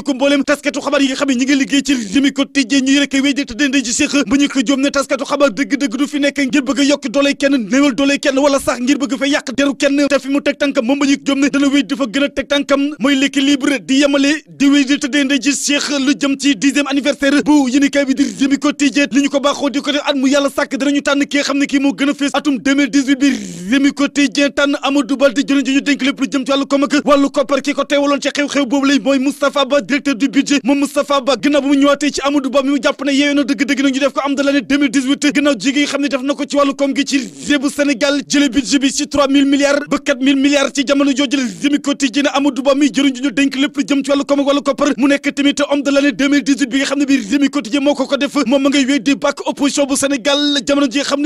fàttaliku mbooleem taskatu xabaar yi nga xam ci Rewmi Quotidien ñuy rek wéy di ji séq ba ñu ko jóom dëgg-dëgg du fi nekk ngir bëgg yokk doole kenn néewal doole kenn wala sax ngir bëgg fa yàq deru kenn te fi mu teg tànkam moom ba ñu dana wéy dafa gën a teg tànkam mooy l'équilibre di yemale di wéy di te ji séq lu jëm ci dixième anniversaire bu yéenekaay di lu jëm ci wàllu koom ak wàllu koppar ki ko teewaloon directeur du budget moom Moustapha Ba gannaaw bu mu ñëwaatee ci Amadou mu jàpp ne dëgg-dëgg nag def ko am de l'année 2018 gannaaw jigi nga xam ne def na ko ci wàllu koom gi ci réewu Sénégal jële budget bi ci 3000 milliards ba 4000 milliards ci jamono jooju la Rewmi Quotidien Amadou Ba mi jëriñ ju ñu dénk lépp lu jëm ci wàllu bi nga xam ne bi Rewmi Quotidien moo ko ko def moom ma ngay wéy di opposition bu Sénégal jamono ji xam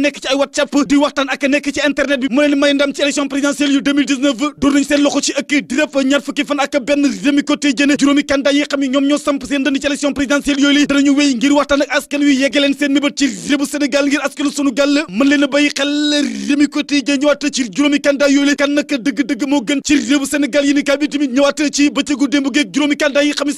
ne waxtaan ak nekk ci internet bi mu leen may ndam ci élection présidentielle yu 2019 dóor nañu seen loxo ci ëkk di def ñaar fan ak benn Rewmi Quotidien juróomi candidat yi xam ne ñoom ñoo samp seen ngir waxtaan ak askan wi yegge leen seen mébét ci réewu Sénégal ngir askanu sunu gàll mën leen a bàyyi xel Rewmi Quotidien ñëwaat ci juróomi candidat yooyu li kan dëgg-dëgg moo gën ci réewu Sénégal yi ni kaay bi tamit ci bëccëgu démb geeg juróomi candidat yi xam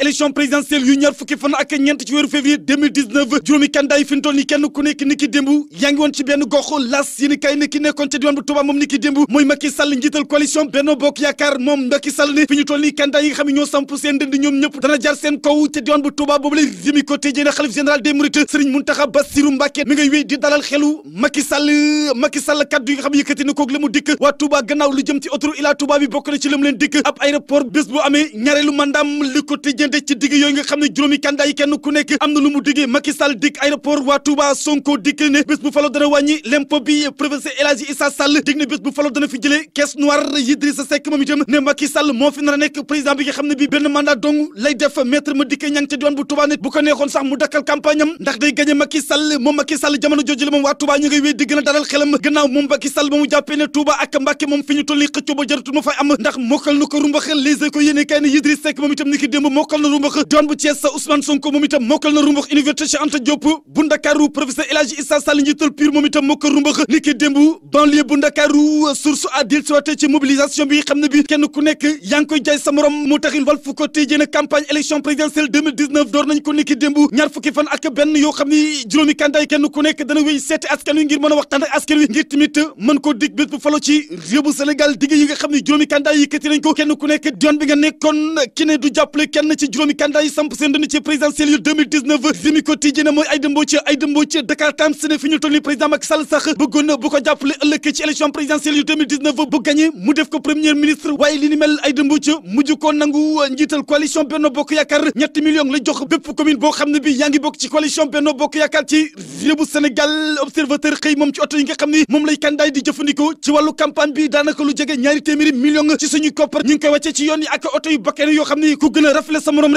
ne samp élection présidentielle yu ñaar fukki fan ñeent ci weeru février 2019 juróomi candidat yi fi ñu toll ni kenn ku nekk ni démb yaa ngi woon ci benn gox las yéen kay ne nekkoon ca diwaan bu Touba moom ni démb mooy Macky njiital coalition Benno Bokk Yaakaar moom Macky ne fi ñu toll ni candidat yi nga xam ne ñoo samp seen dënd ñoom ñëpp dana jar seen kaw ca diwaan bu Touba boobu lay Rewmi Quotidien ne xalif général des Mourides Serigne Mountakha Bassirou digg yooyu nga xam ne juróomi candidat kenn ku nekk am na lu mu diggee Macky digg aéroport waa Touba Sonko digg ne bés bu falo dana wàññi lempo bi professeur El Hadji Issa digg ne bés bu falo dana fi jëlee caisse noire Idrissa Seck moom ne Macky Sall fi nar a nekk président bi nga xam ne bi benn mandat dong lay def maître ma dikkee ñang ca diwaan bu Touba ne bu ko neexoon sax mu dakkal campagne ndax day gagné Macky moom Macky Sall jamono jooju moom waa a rumbux doon bu Thiès sa Ousmane Sonko moom itam mokkal na rumbux université Anta Diop bu Ndakaaru professeur El Issa Sall njiital PUR moom itam mokkal rumbux ni ki démb banlieue bu Ndakaaru source à dil ci mobilisation bi xam ne bi kenn ku nekk yaa ngi koy jaay sa morom moo taxin Walf Quotidien ne campagne élection door nañ ko ni ki ñaar fukki fan ak benn yoo xam ni juróomi kandaay kenn ko nekk doon bi nga nekkoon kenn ci candidat samp seen dënn ci présidentielle yu 2019 Rewmi Quotidien mooy Aïda Mbodj Aïda Mbodj Dakar Times ne ñu toll président Macky Sall sax bëggoon na bu ko jàppale ëllëg ci élection présidentielle yu 2019 bu gagné mu def ko premier ministre waaye li ni mel Aïda Mbodj mujj ko nangu njiital coalition Benno Bokk Yaakaar ci coalition Sénégal observateur xëy moom ci oto yi nga xam ni moom lay candidat di jëfandikoo ci ci suñuy koppar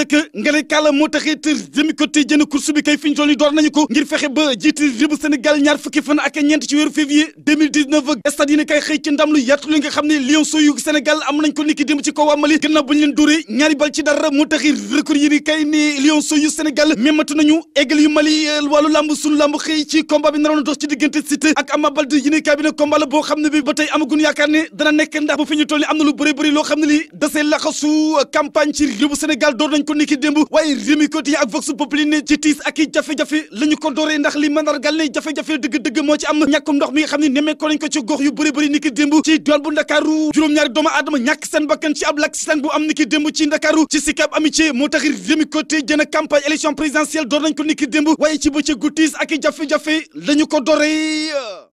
a rek nga ne kàlla moo taxit jëmi ko tey jënd course bi kay fi ñu toll nañu ko ngir fexe ba jiiti réewu Sénégal ñaar fukki fan ak ñeent ci weeru février 2019 stade yi ne kay xëy ci ndam lu yaatu xam ne lion soo yu am nañ ko niki dem ci kaw Mali gannaaw bu ñu leen dóoree ñaari bal ci dara moo taxit record kay ni lion soo yu Sénégal mematu nañu eggal Mali euh, wàllu lamb sunu lamb xëy ci combat bi naroon a dox ci diggante Siteu ak Ama Baldé yi ne kay bi ko niki démb waaye Rewmi Quotidien ak Vox Populi ci tiis ak i jafe-jafe la ñu ko dooree ndax li mandargal ne jafe-jafe dëgg-dëgg moo ci am ñàkkum ndox mi nga xam ne nemmee ko lañ ko ci gox yu bëri bëri niki démb ci dool bu ndakaaru juróom-ñaari doomu aadama ñàkk seen bakkan ci ab l'accident bu am niki démb ci ndakaaru ci Sicap Amitié moo tax Rewmi Quotidien jën campagne élection présidentielle door nañ ko niki démb waaye ci bëccëgu tiis ak i jafe-jafe la ñu ko dooree